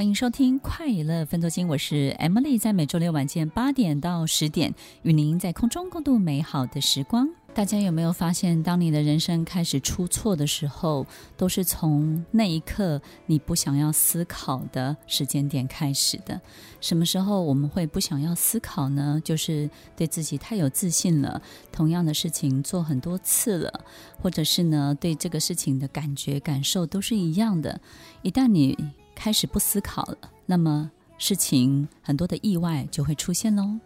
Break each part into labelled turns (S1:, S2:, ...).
S1: 歡迎收聽快樂分多金，我是 Emily，在每周六晚間八點到十點，與您在空中共度美好的時光。大家有沒有發現，當你的人生開始出錯的時候，都是從那一刻你不想要思考的時間點開始的？什麼時候我們會不想要思考呢？就是對自己太有自信了，同樣的事情做很多次了，或者是呢，對這個事情的感覺感受都是一樣的。一旦你開始不思考了，那麼事情很多的意外就會出現嘍。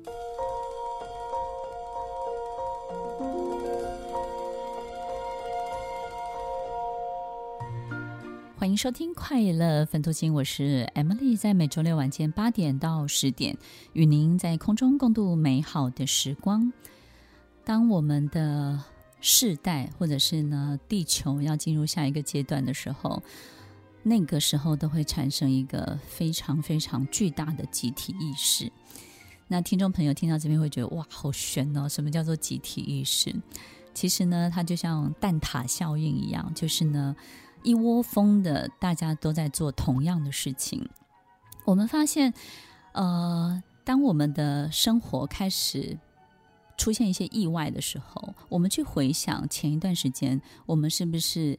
S1: 歡迎收聽《快樂分途經》，我是 Emily，在每周六晚間八點到十點，與您在空中共度美好的時光。當我們的世代或者是呢，地球要進入下一個階段的時候。那個時候都會產生一個非常非常巨大的集體意識。那聽眾朋友聽到這邊會覺得哇，好玄哦！什麼叫做集體意識？其實呢，它就像蛋塔效應一樣，就是呢，一窩蜂的大家都在做同樣的事情。我們發現，呃，當我們的生活開始出現一些意外的時候，我們去回想前一段時間，我們是不是？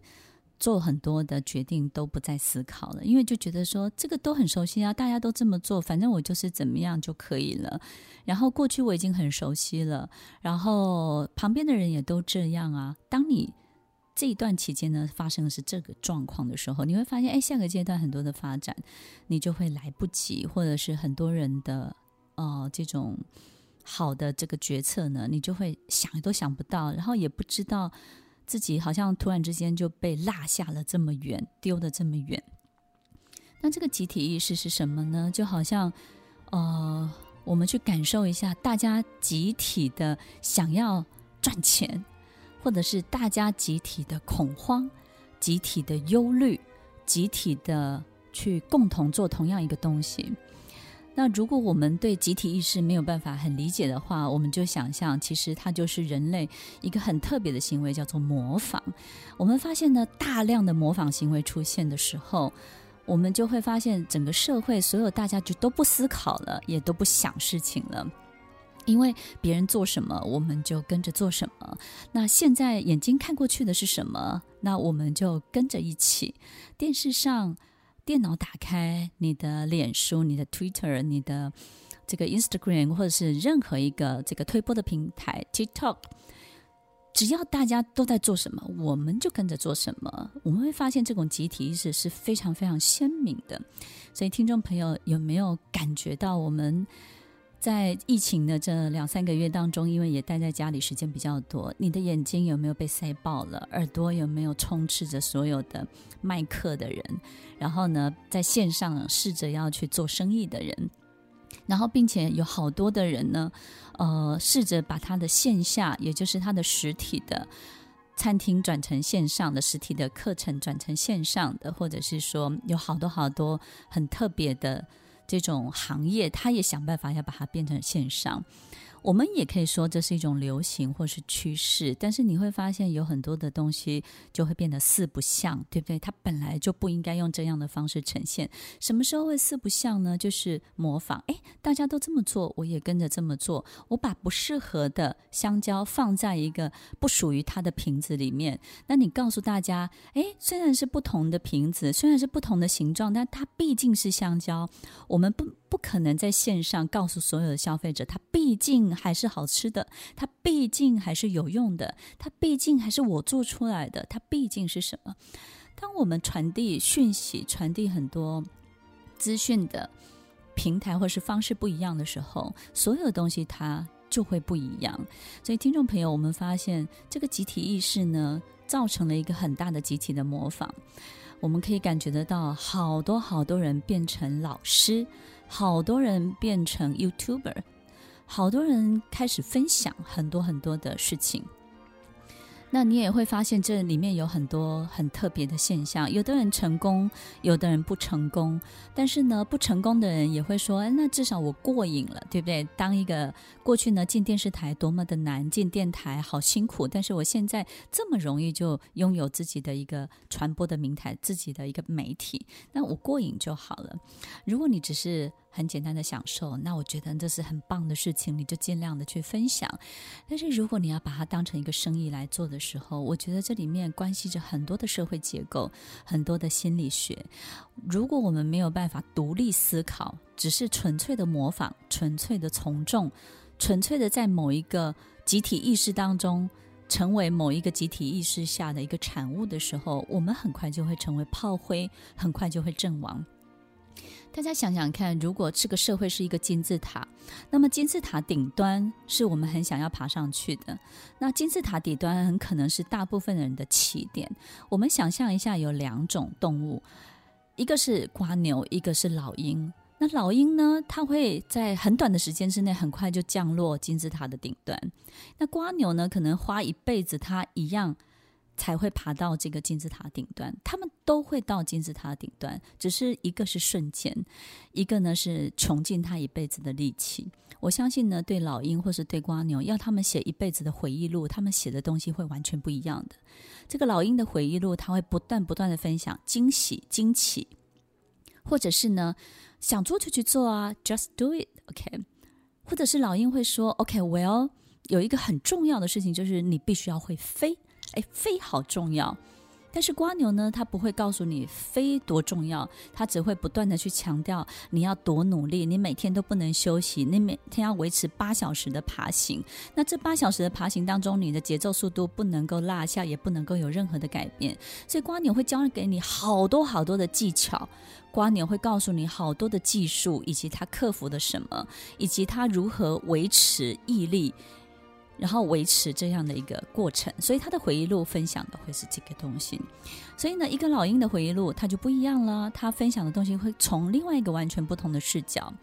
S1: 做很多的決定都不再思考了，因為就覺得說這個都很熟悉啊，大家都這麼做，反正我就是怎麼樣就可以了。然後過去我已經很熟悉了，然後旁邊的人也都這樣啊。當你這一段期間呢發生的是這個狀況的時候，你會發現，哎，下個階段很多的發展你就會來不及，或者是很多人的呃這種好的這個決策呢，你就會想都想不到，然後也不知道。自己好像突然之間就被落下了這麼遠，丟得這麼遠。那這個集體意識是什麼呢？就好像，呃，我們去感受一下，大家集體的想要賺錢，或者是大家集體的恐慌、集體的憂慮、集體的去共同做同樣一個東西。那如果我們對集體意識沒有辦法很理解的話，我們就想象，其實它就是人類一個很特別的行為，叫做模仿。我們發現呢，大量的模仿行為出現的時候，我們就會發現整個社會所有大家就都不思考了，也都不想事情了，因為別人做什麼，我們就跟着做什麼。那現在眼睛看過去的是什麼？那我們就跟着一起。電視上。電腦打開你的臉書、你的 Twitter、你的這個 Instagram，或者是任何一個這個推播的平台 TikTok，只要大家都在做什麼，我們就跟着做什麼。我們會發現這種集體意識是非常非常鮮明的。所以，聽眾朋友有沒有感覺到我們？在疫情的這兩三個月當中，因為也待在家裡時間比較多，你的眼睛有沒有被塞爆了？耳朵有沒有充斥着所有的賣課的人？然後呢，在線上試着要去做生意的人，然後並且有好多的人呢，呃，試着把他的線下，也就是他的實體的餐廳轉成線上的，實體的課程轉成線上的，或者是說有好多好多很特別的。這種行業，他也想辦法要把它變成線上。我們也可以說，這是一種流行或是趨勢，但是你會發現有很多的東西就會變得四不像，對不對？它本來就不應該用這樣的方式呈現。什麼時候會四不像呢？就是模仿，誒，大家都這麼做，我也跟着這麼做。我把不適合的香蕉放在一個不屬於它的瓶子裡面。那你告訴大家，誒，雖然是不同的瓶子，雖然是不同的形狀，但它畢竟是香蕉。我們不不可能在線上告訴所有的消費者，它畢竟。還是好吃的，它畢竟還是有用的，它畢竟還是我做出來的，它畢竟是什麼？當我們傳遞訊息、傳遞很多資訊的平台或是方式不一樣的時候，所有的東西它就會不一樣。所以，聽眾朋友，我們發現這個集體意識呢，造成了一個很大的集體的模仿。我們可以感覺得到，好多好多人變成老師，好多人變成 YouTuber。好多人開始分享很多很多的事情，那你也會發現這裡面有很多很特別的現象。有的人成功，有的人不成功。但是呢，不成功的人也會說：“哎，那至少我過癮了，對不對？”當一個過去呢，進電視台多麼的難，進電台好辛苦，但是我現在這麼容易就擁有自己的一個傳播的平台，自己的一個媒體，那我過癮就好了。如果你只是……很簡單的享受，那我覺得這是很棒的事情，你就盡量的去分享。但是如果你要把它當成一個生意來做的時候，我覺得這裡面關係着很多的社會結構，很多的心理學。如果我們沒有辦法獨立思考，只是純粹的模仿、純粹的從眾、純粹的在某一個集體意識當中成為某一個集體意識下的一個產物的時候，我們很快就會成為炮灰，很快就會陣亡。大家想想看，如果這個社會是一個金字塔，那麼金字塔頂端是我們很想要爬上去的。那金字塔底端很可能是大部分人的起點，我們想象一下，有兩種動物，一個是蝸牛，一個是老鷹。那老鷹呢，它會在很短的時間之內很快就降落金字塔的頂端。那蝸牛呢，可能花一輩子，它一樣，才會爬到這個金字塔頂端。他們都會到金字塔頂端，只是一個是瞬間，一個呢是窮盡他一輩子的力氣。我相信呢，對老鷹或是對蝸牛，要他們寫一輩子的回憶錄，他們寫的東西會完全不一樣的。這個老鷹的回憶錄，他會不斷不斷地分享驚喜、驚奇，或者是呢想做就去做啊，just do it，OK？、Okay、或者是老鷹會說，OK，well、okay, 有一個很重要的事情，就是你必須要會飛。哎，飛好重要，但是蝸牛呢？他不會告訴你飛多重要，他只會不斷的去強調你要多努力，你每天都不能休息，你每天要維持八小時的爬行。那這八小時的爬行當中，你的節奏速度不能夠落下，也不能夠有任何的改變。所以蝸牛會教給你好多好多的技巧，蝸牛會告訴你好多的技術，以及他克服的什麼，以及他如何維持毅力。然後維持這樣的一個過程，所以他的回憶錄分享的會是這個東西，所以呢，一個老鷹的回憶錄它就不一樣了，他分享的東西會從另外一個完全不同的視角。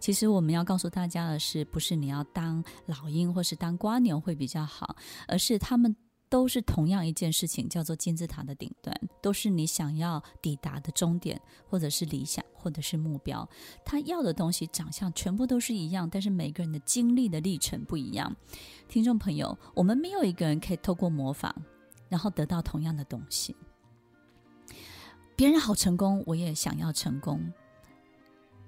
S1: 其實我們要告訴大家的是，不是你要當老鷹或是當蝸牛會比較好，而是他們。都是同樣一件事情，叫做金字塔的頂端，都是你想要抵達的終點，或者是理想，或者是目標。他要的東西長相全部都是一樣，但是每個人的經歷的歷程不一樣。聽眾朋友，我們沒有一個人可以透過模仿，然後得到同樣的東西。別人好成功，我也想要成功。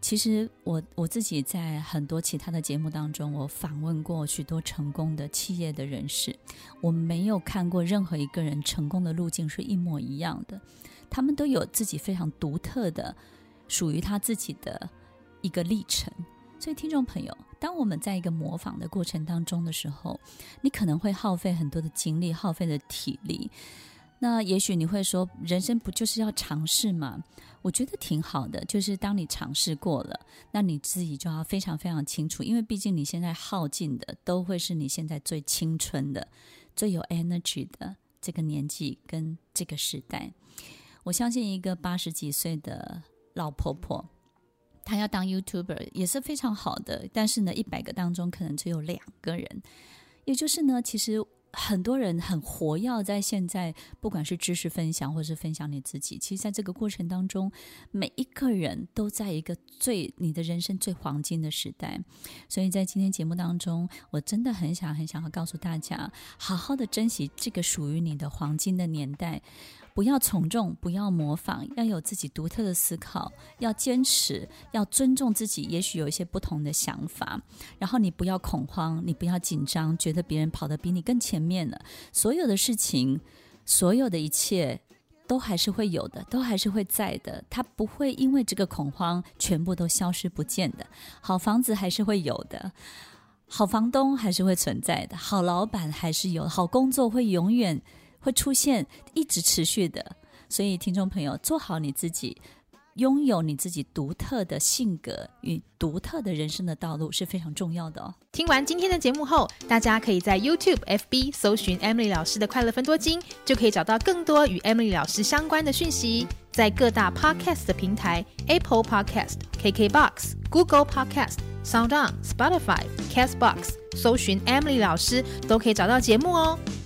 S1: 其實我我自己在很多其他的節目當中，我訪問過許多成功的企業的人士，我沒有看過任何一個人成功的路徑是一模一樣的，他們都有自己非常獨特的、屬於他自己的一個歷程。所以，聽眾朋友，當我們在一個模仿的過程當中的時候，你可能會耗費很多的精力，耗費的體力。那也許你會說，人生不就是要嘗試嗎？我覺得挺好的，就是當你嘗試過了，那你自己就要非常非常清楚，因為畢竟你現在耗盡的，都會是你現在最青春的、最有 energy 的這個年紀跟這個時代。我相信一個八十幾歲的老婆婆，她要當 YouTuber 也是非常好的，但是呢，一百個當中可能只有兩個人，也就是呢，其實。很多人很活躍，在現在，不管是知識分享，或者是分享你自己，其實在這個過程當中，每一個人都在一個最你的人生最黃金的時代，所以在今天節目當中，我真的很想很想要告訴大家，好好的珍惜這個屬於你的黃金的年代。不要從眾，不要模仿，要有自己獨特的思考，要堅持，要尊重自己。也許有一些不同的想法，然後你不要恐慌，你不要緊張，覺得別人跑得比你更前面了。所有的事情，所有的一切，都還是會有的，都還是會在的。他不會因為這個恐慌，全部都消失不見的。好房子還是會有的，好房東還是會存在的，好老闆還是有的，好工作會永遠會出現一直持續的。所以聽眾朋友，做好你自己，擁有你自己獨特的性格與獨特的人生的道路是非常重要的哦。聽完今天的節目後，大家可以在 YouTube、FB 搜尋 Emily 老師的快樂分多金，就可以找到更多與 Emily 老師相關的訊息。在各大 Podcast 的平台，Apple Podcast、KKBox、Google Podcast、SoundOn、Spotify、Castbox 搜尋 Emily 老師，都可以找到節目哦。